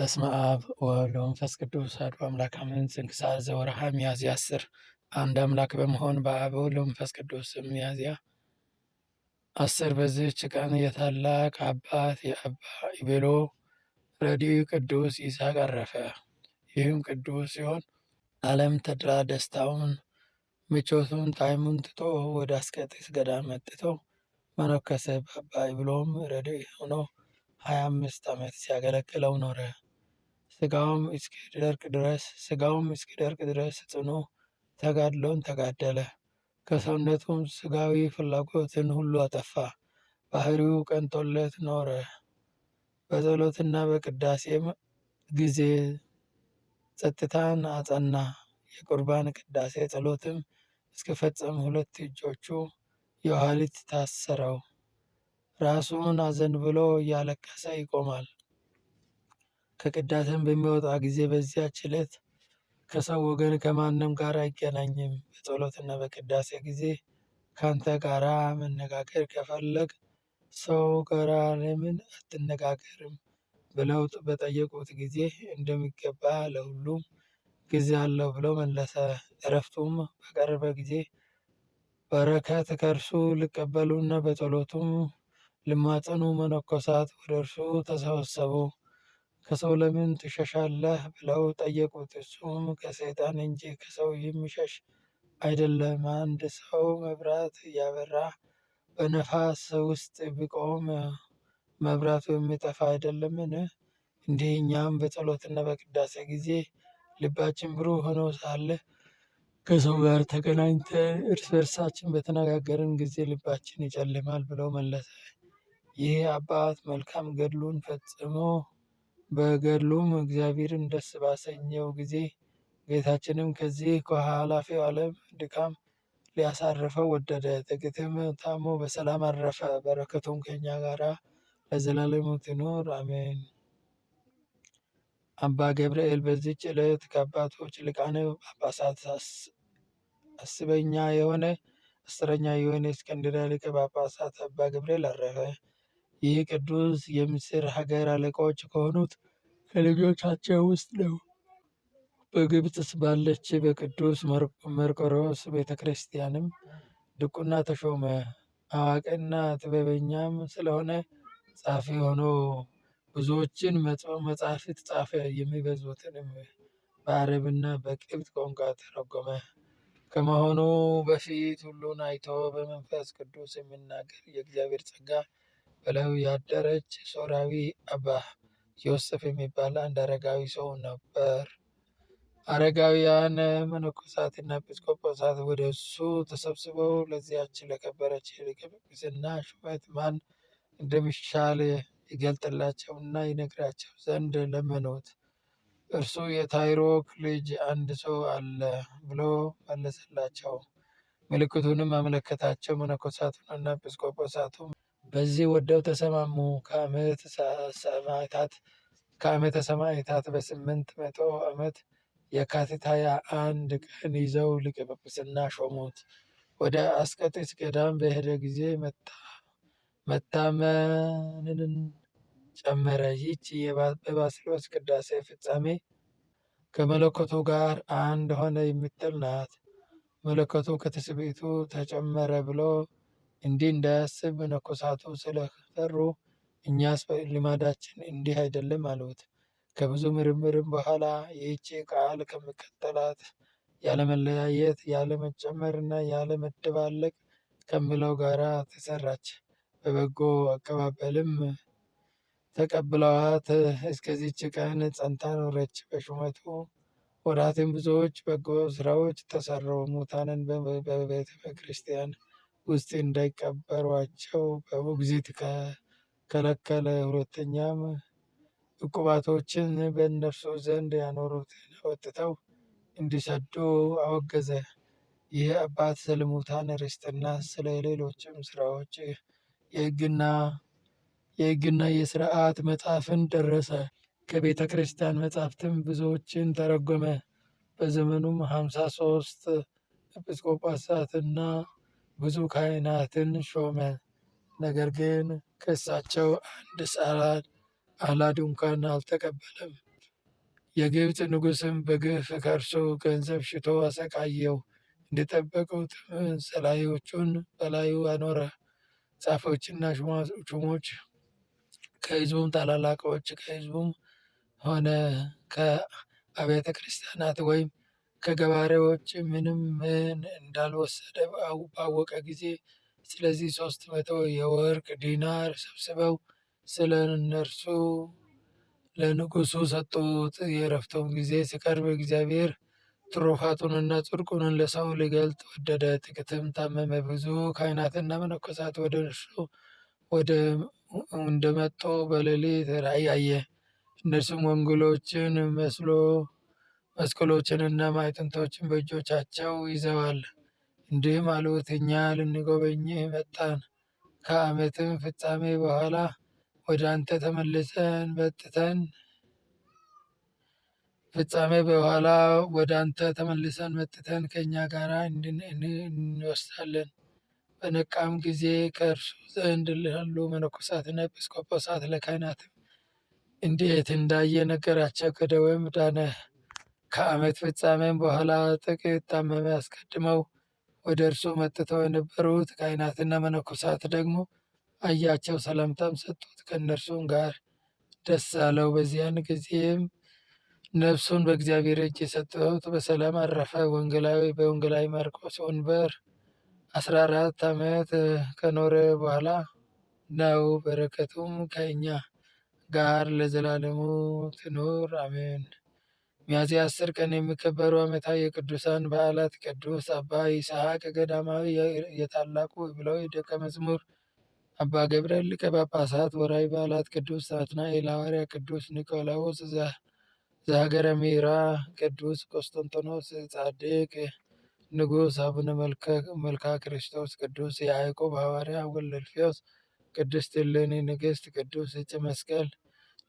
በስመ አብ ወወልድ ወመንፈስ ቅዱስ አሐዱ አምላክ አሜን። ስንክሳር ዘወርኀ ሚያዝያ አስር አንድ አምላክ በመሆን በአብ ወወልድ ወመንፈስ ቅዱስ። ሚያዝያ አስር በዚህች ቀን የታላቅ አባት የአባ ይቤሎ ረድእ ቅዱስ ይስሐቅ አረፈ። ይህም ቅዱስ ሲሆን ዓለም ተድላ ደስታውን ምቾቱን ጣዕሙን ትቶ ወደ አስቄጥስ ገዳም መጥቶ መነኮሰ። በአባ ይብሎም ረድእ ሆኖ ሀያ አምስት ዓመት ሲያገለግለው ኖረ። ስጋውም እስኪደርቅ ድረስ ሥጋውም እስኪደርቅ ድረስ ጽኑ ተጋድሎን ተጋደለ። ከሰውነቱም ስጋዊ ፍላጎትን ሁሉ አጠፋ። ባህሪው ቀንቶለት ኖረ። በጸሎትና በቅዳሴ ጊዜ ጸጥታን አጸና። የቁርባን ቅዳሴ ጸሎትም እስኪፈጸም ሁለት እጆቹ የኋሊት ታሰረው ራሱን አዘን ብሎ እያለቀሰ ይቆማል። ከቅዳሴም በሚወጣ ጊዜ በዚያች ዕለት ከሰው ወገን ከማንም ጋር አይገናኝም። በጸሎትና በቅዳሴ ጊዜ ካንተ ጋራ መነጋገር ከፈለግ ሰው ጋራ ለምን አትነጋገርም ብለው በጠየቁት ጊዜ እንደሚገባ ለሁሉም ጊዜ አለው ብሎ መለሰ። እረፍቱም በቀረበ ጊዜ በረከት ከእርሱ ልቀበሉና በጸሎቱም ሊማጸኑ መነኮሳት ወደ እርሱ ተሰበሰቡ። ከሰው ለምን ትሸሻለህ ብለው ጠየቁት። እሱም ከሰይጣን እንጂ ከሰው የሚሸሽ አይደለም። አንድ ሰው መብራት እያበራ በነፋስ ውስጥ ቢቆም መብራቱ የሚጠፋ አይደለምን? እንዲህ እኛም በጸሎትና በቅዳሴ ጊዜ ልባችን ብሩህ ሆኖ ሳለ ከሰው ጋር ተገናኝተን እርስ በርሳችን በተነጋገርን ጊዜ ልባችን ይጨልማል ብለው መለሰ። ይህ አባት መልካም ገድሉን ፈጽሞ በገድሉም እግዚአብሔርን ደስ ባሰኘው ጊዜ ጌታችንም ከዚህ ከኃላፊው ዓለም ድካም ሊያሳርፈው ወደደ። ጥቂትም ታሞ በሰላም አረፈ። በረከቱም ከኛ ጋራ ለዘላለሙ ትኑር አሜን። አባ ገብርኤል በዚች ዕለት ከአባቶች ሊቃነ ጳጳሳት አስበኛ የሆነ አስረኛ የሆነ እስክንድርያ ሊቀ ጳጳሳት አባ ገብርኤል አረፈ። ይህ ቅዱስ የምስር ሀገር አለቃዎች ከሆኑት ከልጆቻቸው ውስጥ ነው። በግብፅ ባለች በቅዱስ መርቆሮስ ቤተ ክርስቲያንም ድቁና ተሾመ። አዋቂና ጥበበኛም ስለሆነ ጻፊ ሆኖ ብዙዎችን መጻሕፍት ጻፈ። የሚበዙትንም በአረብና በቅብጥ ቋንቋ ተረጎመ። ከመሆኑ በፊት ሁሉን አይቶ በመንፈስ ቅዱስ የሚናገር የእግዚአብሔር ጸጋ በላዩ ያደረች ሶርያዊ አባ ዮሴፍ የሚባል አንድ አረጋዊ ሰው ነበር። አረጋውያን መነኮሳትና ኤጲስቆጶሳት ወደ እሱ ተሰብስበው ለዚያች ለከበረች የቅስና ሹመት ማን እንደሚሻል ይገልጥላቸውና ይነግራቸው ዘንድ ለመኑት። እርሱ የታይሮክ ልጅ አንድ ሰው አለ ብሎ መለሰላቸው። ምልክቱንም አመለከታቸው። መነኮሳቱንና ኤጲስቆጶሳቱም በዚህ ወደው ተሰማሙ። ከዓመተ ሰማዕታት በ ሰማዕታት በስምንት መቶ ዓመት የካቲት ሃያ አንድ ቀን ይዘው ሊቀ ጵጵስና ሾሙት። ወደ አስቀጢስ ገዳም በሄደ ጊዜ መታመንን ጨመረ። ይህች የባስልዮስ ቅዳሴ ፍጻሜ ከመለኮቱ ጋር አንድ ሆነ የምትል ናት። መለኮቱ ከትስብእቱ ተጨመረ ብሎ እንዲህ እንዳያስብ መነኮሳቱ ስለፈሩ እኛስ ልማዳችን እንዲህ አይደለም አሉት። ከብዙ ምርምርም በኋላ ይህች ቃል ከመቀጠላት ያለመለያየት፣ ያለመጨመርና ያለመደባለቅ ከምለው ጋር ተሰራች። በበጎ አቀባበልም ተቀብለዋት እስከዚች ቀን ጸንታ ኖረች። በሹመቱ ወራትም ብዙዎች በጎ ስራዎች ተሰሩ። ሙታንን በቤተ ክርስቲያን ውስጥ እንዳይቀበሯቸው በሞግዚት ከለከለ። ሁለተኛም እቁባቶችን በእነርሱ ዘንድ ያኖሩትን ወጥተው እንዲሰዱ አወገዘ። ይህ አባት ስለ ርስትና ስለ ሌሎችም ስራዎች የህግና የህግና የሥርዓት መጽሐፍን ደረሰ። ከቤተ ክርስቲያን መጻሕፍትም ብዙዎችን ተረጎመ። በዘመኑም ሀምሳ ሶስት ኤጲስቆጶሳትና ብዙ ካህናትን ሾመ። ነገር ግን ክሳቸው አንድ ጻራን አላ ድንኳን አልተቀበለም። የግብፅ ንጉስም በግፍ ከእርሱ ገንዘብ ሽቶ አሰቃየው። እንደጠበቀው ጥምን ሰላዮቹን በላዩ አኖረ። ጻፎችና ሹሞች ከህዝቡም ታላላቆች ከህዝቡም ሆነ ከአብያተ ክርስቲያናት ወይም ከገበሬዎች ምንም ምን እንዳልወሰደ ባወቀ ጊዜ፣ ስለዚህ ሶስት መቶ የወርቅ ዲናር ሰብስበው ስለ እነርሱ ለንጉሱ ሰጡት። የዕረፍቱም ጊዜ ሲቀርብ እግዚአብሔር ትሩፋቱንና ጽድቁን ለሰው ሊገልጥ ወደደ። ጥቂትም ታመመ። ብዙ ካህናትና መነኮሳት ወደ እርሱ እንደመጡ በሌሊት ራእይ አየ። እነርሱም ወንጌሎችን መስሎ መስቀሎችንና ማዕጠንቶችን በእጆቻቸው ይዘዋል። እንዲህም አሉት እኛ ልንጎበኝህ መጣን፣ ከዓመትም ፍጻሜ በኋላ ወደ አንተ ተመልሰን መጥተን ፍጻሜ በኋላ ወደ አንተ ተመልሰን መጥተን ከእኛ ጋር እንወስዳለን። በነቃም ጊዜ ከእርሱ ዘንድ ላሉ መነኮሳትና ኤጲስ ለካህናትም እንዴት እንዳየ ነገራቸው። ከደዌም ዳነ። ከዓመት ፍጻሜም በኋላ ጥቂት ታመመ። አስቀድመው ወደ እርሱ መጥተው የነበሩት ካህናትና መነኮሳት ደግሞ አያቸው፣ ሰላምታም ሰጡት። ከእነርሱም ጋር ደስ አለው። በዚያን ጊዜም ነፍሱን በእግዚአብሔር እጅ የሰጠሁት በሰላም አረፈ። ወንጌላዊ በወንጌላዊ ማርቆስ ወንበር አስራ አራት ዓመት ከኖረ በኋላ ነው። በረከቱም ከእኛ ጋር ለዘላለሙ ትኑር አሜን። ሚያዝያ አስር ቀን የሚከበሩ ዓመታዊ የቅዱሳን በዓላት ቅዱስ አባ ይስሐቅ ገዳማዊ፣ የታላቁ ዕብራዊ ደቀ መዝሙር አባ ገብርኤል ሊቀ ጳጳሳት። ወርኃዊ በዓላት ቅዱስ ናትናኤል ሐዋርያ፣ ቅዱስ ኒቆላዎስ ዘሀገረ ሚራ፣ ቅዱስ ቆስጠንጢኖስ ጻድቅ ንጉሥ፣ አቡነ መልካ ክርስቶስ፣ ቅዱስ ያዕቆብ ሐዋርያ ወልደልፍዮስ፣ ቅድስት እሌኒ ንግሥት፣ ቅዱስ እጭ መስቀል።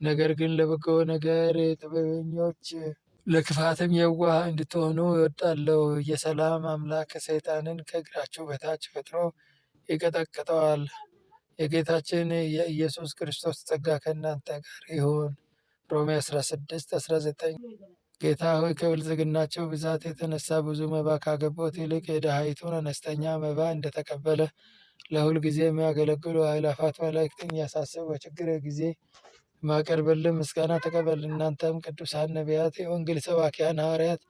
ነገር ግን ለበጎ ነገር ጥበበኞች ለክፋትም የዋህ እንድትሆኑ እወዳለሁ። የሰላም አምላክ ሰይጣንን ከእግራቸው በታች ፈጥኖ ይቀጠቅጠዋል። የጌታችን የኢየሱስ ክርስቶስ ጸጋ ከእናንተ ጋር ይሁን። ሮሜ 16 19 ጌታ ሆይ ከብልጽግናቸው ብዛት የተነሳ ብዙ መባ ካገቦት ይልቅ የድሃይቱን አነስተኛ መባ እንደተቀበለ ለሁል ጊዜ የሚያገለግሉ ኃይላፋት መላእክትን ያሳስብ በችግር ጊዜ የማቀርብልን ምስጋና ተቀበል። እናንተም ቅዱሳን ነቢያት፣ የወንጌል ሰባኪያን ሐዋርያት፣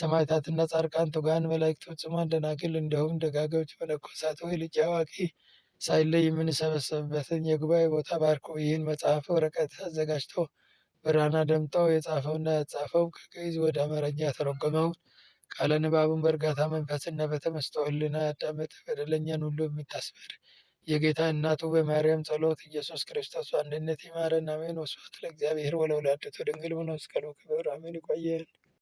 ሰማዕታትና ጻድቃን፣ ትጉሃን መላእክት፣ ፍጹማን ደናግል፣ እንዲሁም ደጋጋዎች መነኮሳት፣ ወይ ልጅ አዋቂ ሳይለይ የምንሰበሰብበትን የጉባኤ ቦታ ባርኮ ይህን መጽሐፍ ወረቀት አዘጋጅቶ ብራና ደምጠው የጻፈውና ያጻፈው ከግዕዝ ወደ አማርኛ የተረጎመውን ቃለ ንባቡን በእርጋታ መንፈስና በተመስጦ ሕሊና ያዳመጠ በደለኛን ሁሉ የምታስምር የጌታ እናቱ በማርያም ጸሎት ኢየሱስ ክርስቶስ አንድነት ይማረን። አሜን። ወስብሐት ለእግዚአብሔር ወለወላዲቱ ድንግል ወለመስቀሉ ክቡር አሜን። ይቆየን።